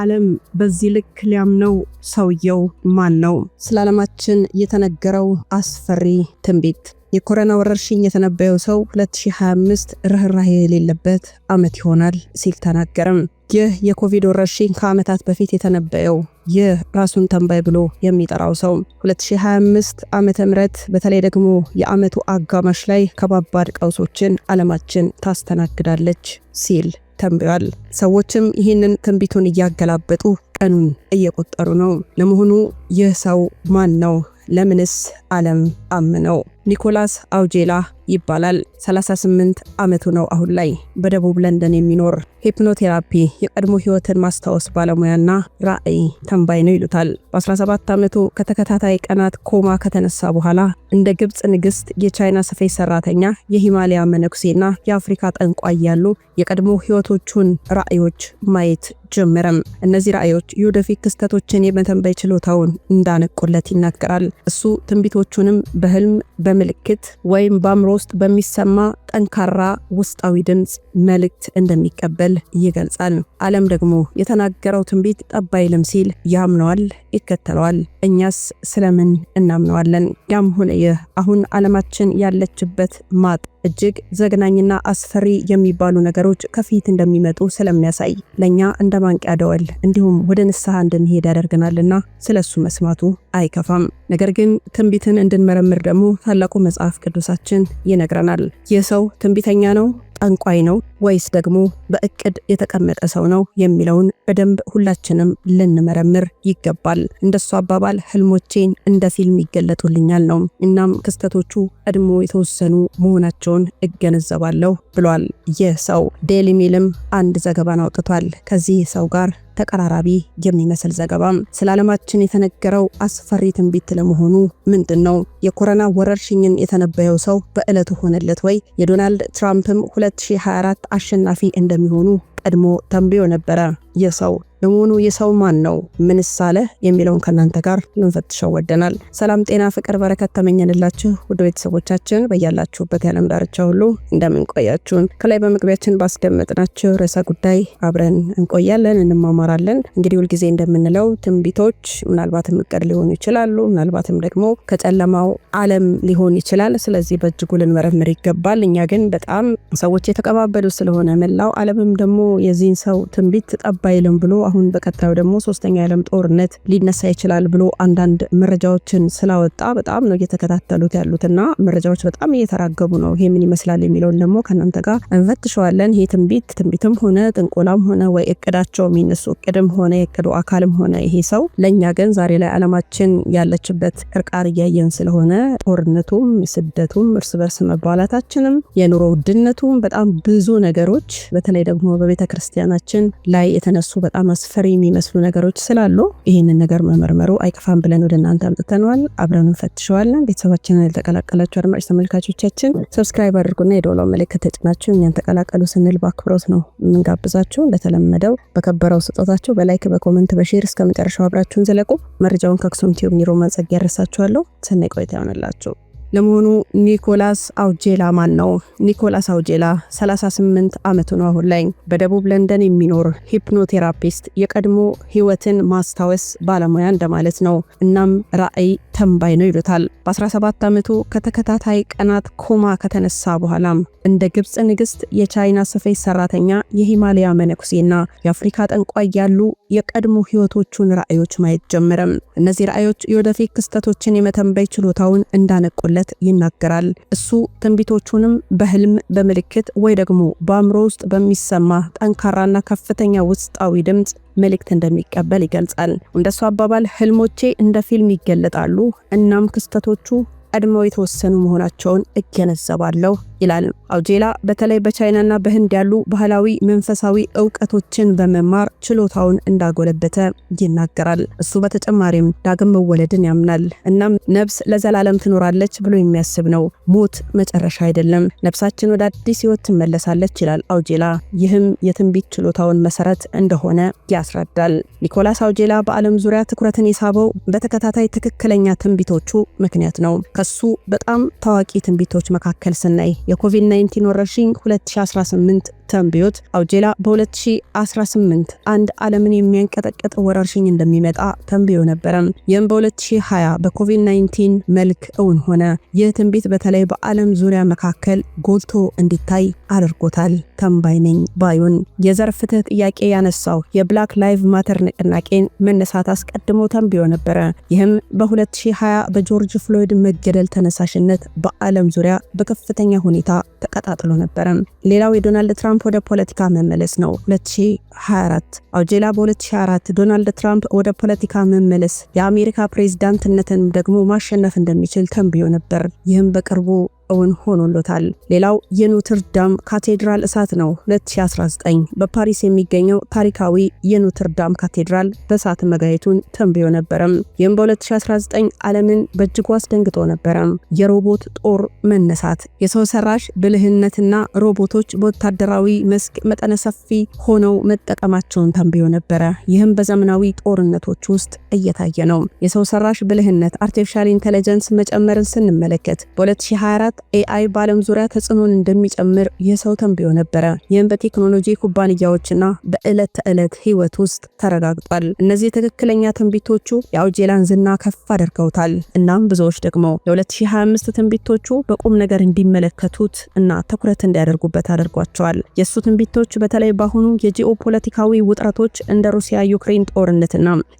ዓለም በዚህ ልክ ሊያምነው ሰውየው ማን ነው? ስለ ዓለማችን የተነገረው አስፈሪ ትንቢት የኮረና ወረርሽኝ የተነበየው ሰው 2025 ርኅራሄ የሌለበት ዓመት ይሆናል ሲል ተናገረም። ይህ የኮቪድ ወረርሽኝ ከዓመታት በፊት የተነበየው ይህ ራሱን ተንባይ ብሎ የሚጠራው ሰው 2025 ዓመተ ምህረት በተለይ ደግሞ የዓመቱ አጋማሽ ላይ ከባባድ ቀውሶችን ዓለማችን ታስተናግዳለች ሲል ተንብዋል። ሰዎችም ይህንን ትንቢቱን እያገላበጡ ቀኑን እየቆጠሩ ነው። ለመሆኑ ይህ ሰው ማን ነው? ለምንስ ዓለም አምነው? ኒኮላስ አውጄላ ይባላል። 38 ዓመቱ ነው አሁን ላይ። በደቡብ ለንደን የሚኖር ሂፕኖቴራፒ የቀድሞ ህይወትን ማስታወስ ባለሙያና ራዕይ ተንባይ ነው ይሉታል። በ17 ዓመቱ ከተከታታይ ቀናት ኮማ ከተነሳ በኋላ እንደ ግብፅ ንግስት፣ የቻይና ስፌት ሰራተኛ፣ የሂማሊያ መነኩሴና የአፍሪካ ጠንቋይ ያሉ የቀድሞ ህይወቶቹን ራዕዮች ማየት ጀመረም። እነዚህ ራዕዮች የወደፊት ክስተቶችን የመተንበይ ችሎታውን እንዳነቁለት ይናገራል። እሱ ትንቢቶቹንም በህልም በምልክት ወይም በአእምሮ ውስጥ በሚሰማ ጠንካራ ውስጣዊ ድምፅ መልእክት እንደሚቀበል ይገልጻል። ዓለም ደግሞ የተናገረው ትንቢት ጠባይልም ሲል ያምነዋል፣ ይከተለዋል። እኛስ ስለምን እናምነዋለን? ያም ሆነ ይህ አሁን ዓለማችን ያለችበት ማጥ እጅግ ዘግናኝና አስፈሪ የሚባሉ ነገሮች ከፊት እንደሚመጡ ስለሚያሳይ ለእኛ እንደ ማንቂያ ደወል እንዲሁም ወደ ንስሐ እንድንሄድ ያደርገናልና ስለሱ መስማቱ አይከፋም። ነገር ግን ትንቢትን እንድንመረምር ደግሞ ታላቁ መጽሐፍ ቅዱሳችን ይነግረናል። ይህ ሰው ትንቢተኛ ነው ጠንቋይ ነው ወይስ ደግሞ በእቅድ የተቀመጠ ሰው ነው የሚለውን በደንብ ሁላችንም ልንመረምር ይገባል። እንደሱ አባባል ህልሞቼን እንደ ፊልም ይገለጡልኛል ነው። እናም ክስተቶቹ ቀድሞ የተወሰኑ መሆናቸውን እገነዘባለሁ ብሏል። ይህ ሰው ዴሊ ሜልም አንድ ዘገባን አውጥቷል። ከዚህ ሰው ጋር ተቀራራቢ የሚመስል ዘገባ ስለ ዓለማችን የተነገረው አስፈሪ ትንቢት ለመሆኑ ምንድን ነው? የኮሮና ወረርሽኝን የተነበየው ሰው በዕለቱ ሆነለት ወይ? የዶናልድ ትራምፕም 2024 አሸናፊ እንደሚሆኑ ቀድሞ ተንብዮ ነበረ። የሰው ለመሆኑ የሰው ማን ነው? ምንስ አለ? የሚለውን ከእናንተ ጋር ልንፈትሸው ወደናል። ሰላም፣ ጤና፣ ፍቅር፣ በረከት ተመኘንላችሁ ውድ ቤተሰቦቻችን በያላችሁበት የዓለም ዳርቻ ሁሉ እንደምንቆያችሁን ከላይ በመግቢያችን ባስደመጥናችሁ ርዕሰ ጉዳይ አብረን እንቆያለን፣ እንማማራለን። እንግዲህ ሁልጊዜ እንደምንለው ትንቢቶች ምናልባትም እቅድ ሊሆኑ ይችላሉ፣ ምናልባትም ደግሞ ከጨለማው ዓለም ሊሆን ይችላል። ስለዚህ በእጅጉ ልንመረምር ይገባል። እኛ ግን በጣም ሰዎች የተቀባበሉ ስለሆነ መላው ዓለምም ደግሞ የዚህን ሰው ትንቢት ተቀባይልም ብሎ አሁን በቀጣዩ ደግሞ ሶስተኛ የዓለም ጦርነት ሊነሳ ይችላል ብሎ አንዳንድ መረጃዎችን ስላወጣ በጣም ነው እየተከታተሉት ያሉትና መረጃዎች በጣም እየተራገቡ ነው። ይሄ ምን ይመስላል የሚለውን ደግሞ ከእናንተ ጋር እንፈትሸዋለን። ይሄ ትንቢት ትንቢትም ሆነ ጥንቆላም ሆነ ወይ እቅዳቸው የሚነሱ እቅድም ሆነ የእቅዱ አካልም ሆነ ይሄ ሰው ለእኛ ግን ዛሬ ላይ አለማችን ያለችበት ቅርቃር እያየን ስለሆነ ጦርነቱም፣ ስደቱም፣ እርስ በርስ መባላታችንም፣ የኑሮ ውድነቱም በጣም ብዙ ነገሮች በተለይ ደግሞ በቤተ ክርስቲያናችን ላይ የተነሱ በጣም አስፈሪ የሚመስሉ ነገሮች ስላሉ ይህንን ነገር መመርመሩ አይከፋም ብለን ወደ እናንተ አምጥተነዋል። አብረን እንፈትሸዋለን። ቤተሰባችንን ያልተቀላቀላችሁ አድማጭ ተመልካቾቻችን ሰብስክራይብ አድርጉና የደወላው ምልክት ተጭናችሁ እኛን ተቀላቀሉ ስንል በአክብሮት ነው የምንጋብዛችሁ። እንደተለመደው በከበረው ስጦታችሁ በላይክ በኮመንት በሼር እስከ መጨረሻው አብራችሁን ዘለቁ። መረጃውን ከአክሱም ቲዩብ ኒሮ ማጸግ ያደረሳችኋለሁ። ሰናይ ቆይታ ይሆንላችሁ። ለመሆኑ ኒኮላስ አውጄላ ማን ነው? ኒኮላስ አውጄላ 38 ዓመቱ ነው። አሁን ላይ በደቡብ ለንደን የሚኖር ሂፕኖቴራፒስት፣ የቀድሞ ህይወትን ማስታወስ ባለሙያ እንደማለት ነው። እናም ራዕይ ተንባይ ነው ይሉታል። በ17 ዓመቱ ከተከታታይ ቀናት ኮማ ከተነሳ በኋላም እንደ ግብፅ ንግስት፣ የቻይና ስፌት ሰራተኛ፣ የሂማሊያ መነኩሴና የአፍሪካ ጠንቋይ ያሉ የቀድሞ ህይወቶቹን ራእዮች ማየት ጀመረም። እነዚህ ራዕዮች የወደፊት ክስተቶችን የመተንበይ ችሎታውን እንዳነቁል እንደመጣለት ይናገራል። እሱ ትንቢቶቹንም በህልም በምልክት ወይ ደግሞ በአእምሮ ውስጥ በሚሰማ ጠንካራና ከፍተኛ ውስጣዊ ድምፅ መልእክት እንደሚቀበል ይገልጻል። እንደሱ አባባል ህልሞቼ እንደ ፊልም ይገለጣሉ፣ እናም ክስተቶቹ ቀድመው የተወሰኑ መሆናቸውን እገነዘባለሁ ይላል። አውጄላ በተለይ በቻይናና በህንድ ያሉ ባህላዊ መንፈሳዊ እውቀቶችን በመማር ችሎታውን እንዳጎለበተ ይናገራል። እሱ በተጨማሪም ዳግም መወለድን ያምናል። እናም ነብስ ለዘላለም ትኖራለች ብሎ የሚያስብ ነው። ሞት መጨረሻ አይደለም፣ ነብሳችን ወደ አዲስ ህይወት ትመለሳለች ይላል አውጄላ። ይህም የትንቢት ችሎታውን መሰረት እንደሆነ ያስረዳል። ኒኮላስ አውጄላ በዓለም ዙሪያ ትኩረትን የሳበው በተከታታይ ትክክለኛ ትንቢቶቹ ምክንያት ነው። ከሱ በጣም ታዋቂ ትንቢቶች መካከል ስናይ የኮቪድ-19 ወረርሽኝ 2018 ተንብዮት አውጄላ በ2018 አንድ ዓለምን የሚያንቀጠቀጥ ወረርሽኝ እንደሚመጣ ተንብዮ ነበረ። ይህም በ2020 በኮቪድ-19 መልክ እውን ሆነ። ይህ ትንቢት በተለይ በዓለም ዙሪያ መካከል ጎልቶ እንዲታይ አድርጎታል። ተንባይ ነኝ ባዩን የዘር ፍትህ ጥያቄ ያነሳው የብላክ ላይቭ ማተር ንቅናቄን መነሳት አስቀድሞ ተንብዮ ነበረ። ይህም በ2020 በጆርጅ ፍሎይድ መገደል ተነሳሽነት በዓለም ዙሪያ በከፍተኛ ሁኔታ ተቀጣጥሎ ነበረ። ሌላው የዶናልድ ትራምፕ ወደ ፖለቲካ መመለስ ነው። 2024 አውጄላ በ2024 ዶናልድ ትራምፕ ወደ ፖለቲካ መመለስ የአሜሪካ ፕሬዝዳንትነትን ደግሞ ማሸነፍ እንደሚችል ተንብዮ ነበር። ይህም በቅርቡ እውን ሆኖሎታል። ሌላው የኖትርዳም ካቴድራል እሳት ነው። 2019 በፓሪስ የሚገኘው ታሪካዊ የኖትርዳም ካቴድራል በእሳት መጋየቱን ተንብዮ ነበረም። ይህም በ2019 ዓለምን በእጅጉ አስደንግጦ ነበረ። የሮቦት ጦር መነሳት፣ የሰው ሰራሽ ብልህነትና ሮቦቶች በወታደራዊ መስክ መጠነ ሰፊ ሆነው መጠቀማቸውን ተንብዮ ነበረ። ይህም በዘመናዊ ጦርነቶች ውስጥ እየታየ ነው። የሰው ሰራሽ ብልህነት አርቲፊሻል ኢንቴሊጀንስ መጨመርን ስንመለከት በ2024 2024 ኤአይ በዓለም ዙሪያ ተጽዕኖን እንደሚጨምር የሰው ተንብዮ ነበረ። ይህም በቴክኖሎጂ ኩባንያዎችና በዕለት ተዕለት ህይወት ውስጥ ተረጋግጧል። እነዚህ ትክክለኛ ትንቢቶቹ የአውጄላን ዝና ከፍ አድርገውታል። እናም ብዙዎች ደግሞ የ2025 ትንቢቶቹ በቁም ነገር እንዲመለከቱት እና ትኩረት እንዲያደርጉበት አድርጓቸዋል። የእሱ ትንቢቶች በተለይ በአሁኑ የጂኦ ፖለቲካዊ ውጥረቶች እንደ ሩሲያ ዩክሬን ጦርነትና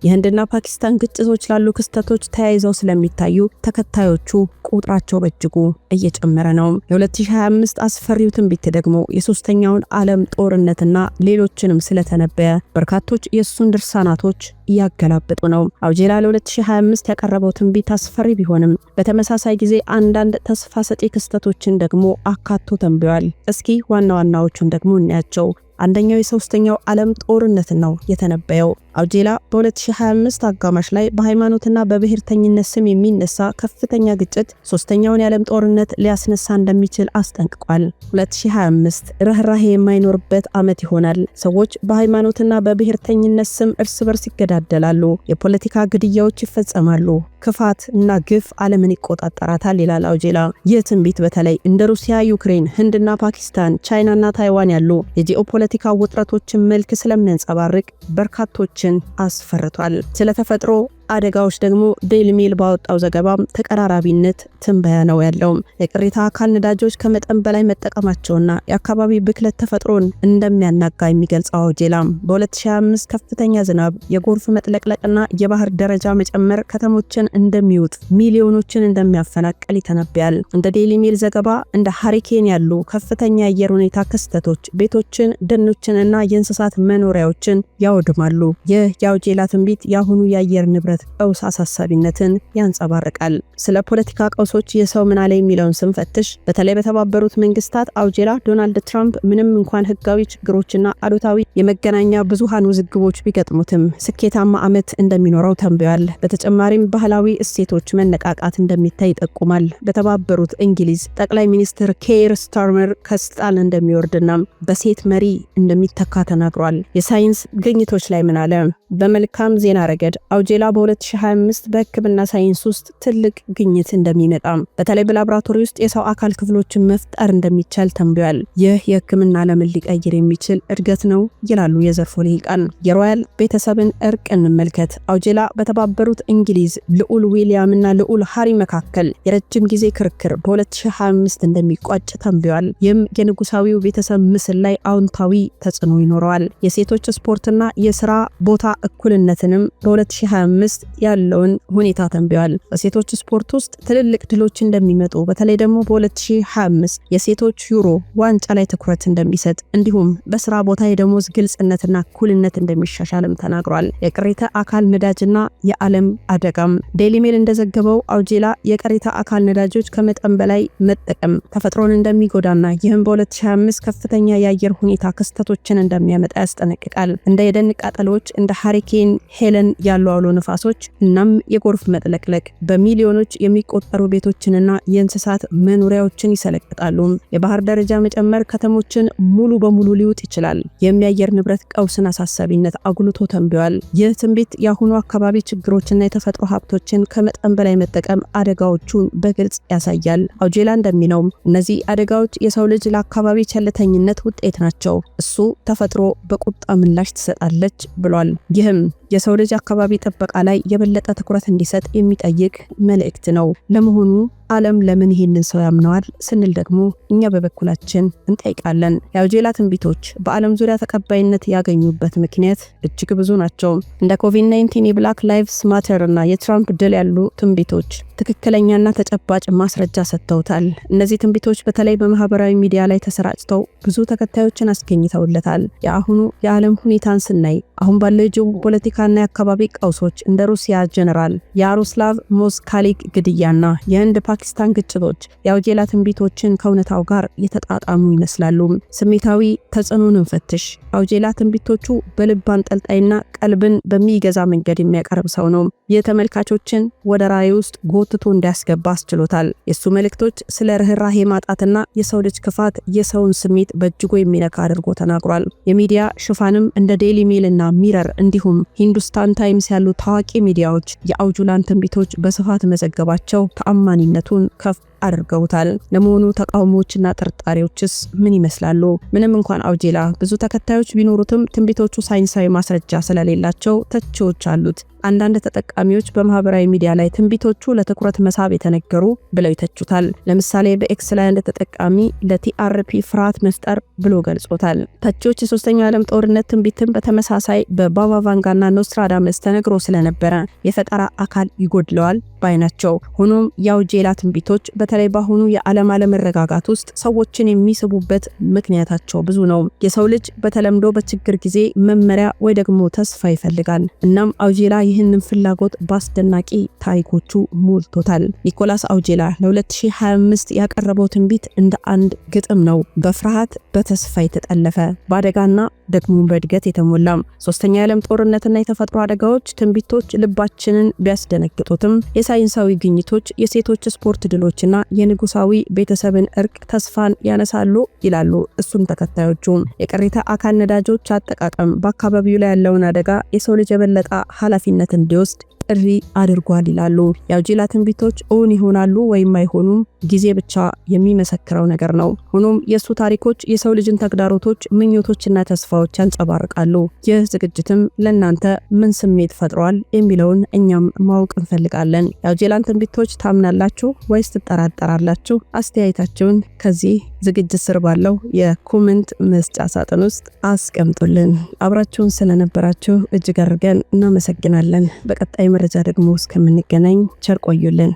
የህንድና ፓኪስታን ግጭቶች ላሉ ክስተቶች ተያይዘው ስለሚታዩ ተከታዮቹ ቁጥራቸው በእጅጉ እየ እየጨመረ ነው። የ2025 አስፈሪው ትንቢት ደግሞ የሶስተኛውን ዓለም ጦርነትና ሌሎችንም ስለተነበየ በርካቶች የእሱን ድርሳናቶች እያገላበጡ ነው። አውጄላ ለ2025 ያቀረበው ትንቢት አስፈሪ ቢሆንም በተመሳሳይ ጊዜ አንዳንድ ተስፋ ሰጪ ክስተቶችን ደግሞ አካቶ ተንብዋል። እስኪ ዋና ዋናዎቹን ደግሞ እንያቸው። አንደኛው የሶስተኛው ዓለም ጦርነት ነው የተነበየው። አውጄላ በ2025 አጋማሽ ላይ በሃይማኖትና በብሔርተኝነት ስም የሚነሳ ከፍተኛ ግጭት ሶስተኛውን የዓለም ጦርነት ሊያስነሳ እንደሚችል አስጠንቅቋል። 2025 ርኅራሄ የማይኖርበት ዓመት ይሆናል። ሰዎች በሃይማኖትና በብሔርተኝነት ስም እርስ በርስ ይገዳደላሉ። የፖለቲካ ግድያዎች ይፈጸማሉ። ክፋት እና ግፍ ዓለምን ይቆጣጠራታል ይላል አውጄላ። ይህ ትንቢት በተለይ እንደ ሩሲያ፣ ዩክሬን፣ ህንድና ፓኪስታን፣ ቻይናና ታይዋን ያሉ የጂኦፖለቲካ ውጥረቶችን መልክ ስለሚያንጸባርቅ በርካቶች አስፈርቷል። ስለ ተፈጥሮ አደጋዎች ደግሞ ዴይሊ ሜል ባወጣው ዘገባም ተቀራራቢነት ትንበያ ነው ያለው። የቅሪተ አካል ነዳጆች ከመጠን በላይ መጠቀማቸውና የአካባቢ ብክለት ተፈጥሮን እንደሚያናጋ የሚገልጸው አውጄላም በ2025 ከፍተኛ ዝናብ፣ የጎርፍ መጥለቅለቅና የባህር ደረጃ መጨመር ከተሞችን እንደሚውጥ ሚሊዮኖችን እንደሚያፈናቀል ይተነብያል። እንደ ዴይሊ ሜል ዘገባ እንደ ሀሪኬን ያሉ ከፍተኛ የአየር ሁኔታ ክስተቶች ቤቶችን፣ ደኖችን እና የእንስሳት መኖሪያዎችን ያወድማሉ። ይህ የአውጄላ ትንቢት የአሁኑ የአየር ንብረት የመሰረት ቀውስ አሳሳቢነትን ያንጸባርቃል። ስለ ፖለቲካ ቀውሶች የሰው ምናለ አለ የሚለውን ስንፈትሽ በተለይ በተባበሩት መንግስታት አውጄላ ዶናልድ ትራምፕ ምንም እንኳን ህጋዊ ችግሮችና አሉታዊ የመገናኛ ብዙሃን ውዝግቦች ቢገጥሙትም ስኬታማ ዓመት እንደሚኖረው ተንብዮአል። በተጨማሪም ባህላዊ እሴቶች መነቃቃት እንደሚታይ ይጠቁማል። በተባበሩት እንግሊዝ ጠቅላይ ሚኒስትር ኬር ስታርመር ከስልጣን እንደሚወርድና በሴት መሪ እንደሚተካ ተናግሯል። የሳይንስ ግኝቶች ላይ ምናለ በመልካም ዜና ረገድ አውጄላ በ በ2025 በህክምና ሳይንስ ውስጥ ትልቅ ግኝት እንደሚመጣም በተለይ በላቦራቶሪ ውስጥ የሰው አካል ክፍሎችን መፍጠር እንደሚቻል ተንብዋል። ይህ የህክምና ዓለምን ሊቀይር የሚችል እድገት ነው ይላሉ የዘርፉ ሊቃን። የሮያል ቤተሰብን እርቅ እንመልከት። አውጄላ በተባበሩት እንግሊዝ ልዑል ዊሊያም እና ልዑል ሃሪ መካከል የረጅም ጊዜ ክርክር በ2025 እንደሚቋጭ ተንብዋል። ይህም የንጉሳዊው ቤተሰብ ምስል ላይ አዎንታዊ ተጽዕኖ ይኖረዋል። የሴቶች ስፖርትና የስራ ቦታ እኩልነትንም በ2025 ውስጥ ያለውን ሁኔታ ተንብዋል። በሴቶች ስፖርት ውስጥ ትልልቅ ድሎች እንደሚመጡ በተለይ ደግሞ በ2025 የሴቶች ዩሮ ዋንጫ ላይ ትኩረት እንደሚሰጥ እንዲሁም በስራ ቦታ የደሞዝ ግልጽነትና እኩልነት እንደሚሻሻልም ተናግሯል። የቅሪተ አካል ነዳጅና የዓለም አደጋም ዴይሊ ሜል እንደዘገበው አውጄላ የቅሪተ አካል ነዳጆች ከመጠን በላይ መጠቀም ተፈጥሮን እንደሚጎዳና ይህም በ2025 ከፍተኛ የአየር ሁኔታ ክስተቶችን እንደሚያመጣ ያስጠነቅቃል። እንደ የደን ቃጠሎች፣ እንደ ሃሪኬን ሄለን ያሉ አውሎ ነፋሶች ጥቃቶች እናም የጎርፍ መጥለቅለቅ በሚሊዮኖች የሚቆጠሩ ቤቶችንና የእንስሳት መኖሪያዎችን ይሰለቅጣሉ። የባህር ደረጃ መጨመር ከተሞችን ሙሉ በሙሉ ሊውጥ ይችላል። የሚያየር ንብረት ቀውስን አሳሳቢነት አጉልቶ ተንብዋል። ይህ ትንቢት የአሁኑ አካባቢ ችግሮችና የተፈጥሮ ሀብቶችን ከመጠን በላይ መጠቀም አደጋዎቹን በግልጽ ያሳያል። አውጄላ እንደሚለው እነዚህ አደጋዎች የሰው ልጅ ለአካባቢ ቸልተኝነት ውጤት ናቸው። እሱ ተፈጥሮ በቁጣ ምላሽ ትሰጣለች ብሏል። ይህም የሰው ልጅ አካባቢ ጥበቃ ላይ ላይ የበለጠ ትኩረት እንዲሰጥ የሚጠይቅ መልእክት ነው። ለመሆኑ ዓለም ለምን ይህንን ሰው ያምነዋል ስንል ደግሞ እኛ በበኩላችን እንጠይቃለን። የአውጀላ ትንቢቶች በዓለም ዙሪያ ተቀባይነት ያገኙበት ምክንያት እጅግ ብዙ ናቸው። እንደ ኮቪድ-19፣ የብላክ ላይቭስ ማተር እና የትራምፕ ድል ያሉ ትንቢቶች ትክክለኛና ተጨባጭ ማስረጃ ሰጥተውታል። እነዚህ ትንቢቶች በተለይ በማህበራዊ ሚዲያ ላይ ተሰራጭተው ብዙ ተከታዮችን አስገኝተውለታል። የአሁኑ የዓለም ሁኔታን ስናይ አሁን ባለው የጂኦ ፖለቲካና የአካባቢ ቀውሶች እንደ ሩሲያ ጀነራል የያሮስላቭ ሞስካሊክ ግድያና የህንድ የፓኪስታን ግጭቶች የአውጌላ ትንቢቶችን ከእውነታው ጋር የተጣጣሙ ይመስላሉ። ስሜታዊ ተጽዕኖን እንፈትሽ። አውጌላ ትንቢቶቹ በልብ አንጠልጣይና ቀልብን በሚገዛ መንገድ የሚያቀርብ ሰው ነው። የተመልካቾችን ወደ ራዕይ ውስጥ ጎትቶ እንዲያስገባ አስችሎታል። የእሱ መልእክቶች ስለ ርኅራሄ ማጣትና የሰው ልጅ ክፋት የሰውን ስሜት በእጅጉ የሚነካ አድርጎ ተናግሯል። የሚዲያ ሽፋንም እንደ ዴሊ ሜል እና ሚረር እንዲሁም ሂንዱስታን ታይምስ ያሉ ታዋቂ ሚዲያዎች የአውጁላን ትንቢቶች በስፋት መዘገባቸው ተአማኒነት cartoon because አድርገውታል። ለመሆኑ ተቃውሞዎችና ጥርጣሬዎችስ ምን ይመስላሉ? ምንም እንኳን አውጄላ ብዙ ተከታዮች ቢኖሩትም ትንቢቶቹ ሳይንሳዊ ማስረጃ ስለሌላቸው ተቺዎች አሉት። አንዳንድ ተጠቃሚዎች በማህበራዊ ሚዲያ ላይ ትንቢቶቹ ለትኩረት መሳብ የተነገሩ ብለው ይተቹታል። ለምሳሌ በኤክስ ላይ አንድ ተጠቃሚ ለቲአርፒ ፍርሃት መፍጠር ብሎ ገልጾታል። ተቺዎች የሶስተኛው ዓለም ጦርነት ትንቢትን በተመሳሳይ በባባ ቫንጋና ኖስትራዳምስ ተነግሮ ስለነበረ የፈጠራ አካል ይጎድለዋል ባይ ናቸው። ሆኖም የአውጄላ ትንቢቶች በ በተለይ በአሁኑ የዓለም አለመረጋጋት ውስጥ ሰዎችን የሚስቡበት ምክንያታቸው ብዙ ነው። የሰው ልጅ በተለምዶ በችግር ጊዜ መመሪያ ወይ ደግሞ ተስፋ ይፈልጋል። እናም አውጄላ ይህንን ፍላጎት በአስደናቂ ታሪኮቹ ሞልቶታል። ኒኮላስ አውጄላ ለ2025 ያቀረበው ትንቢት እንደ አንድ ግጥም ነው። በፍርሃት በተስፋ የተጠለፈ በአደጋና ደግሞም በእድገት የተሞላም። ሶስተኛ የዓለም ጦርነትና የተፈጥሮ አደጋዎች ትንቢቶች ልባችንን ቢያስደነግጡትም የሳይንሳዊ ግኝቶች የሴቶች ስፖርት ድሎችና የንጉሳዊ ቤተሰብን እርቅ ተስፋን ያነሳሉ ይላሉ። እሱም ተከታዮቹ የቅሪተ አካል ነዳጆች አጠቃቀም በአካባቢው ላይ ያለውን አደጋ የሰው ልጅ የበለጠ ኃላፊነት እንዲወስድ ጥሪ አድርጓል ይላሉ። የአውጂላ ትንቢቶች እውን ይሆናሉ ወይም አይሆኑም ጊዜ ብቻ የሚመሰክረው ነገር ነው። ሆኖም የእሱ ታሪኮች የሰው ልጅን ተግዳሮቶች፣ ምኞቶችና ተስፋዎች ያንጸባርቃሉ። ይህ ዝግጅትም ለእናንተ ምን ስሜት ፈጥሯል የሚለውን እኛም ማወቅ እንፈልጋለን። የአውጂላን ትንቢቶች ታምናላችሁ ወይስ ትጠራጠራላችሁ? አስተያየታችሁን ከዚህ ዝግጅት ስር ባለው የኮመንት መስጫ ሳጥን ውስጥ አስቀምጡልን። አብራችሁን ስለነበራችሁ እጅግ አድርገን እናመሰግናለን። በቀጣይ መረጃ ደግሞ እስከምንገናኝ ቸር ቆዩልን።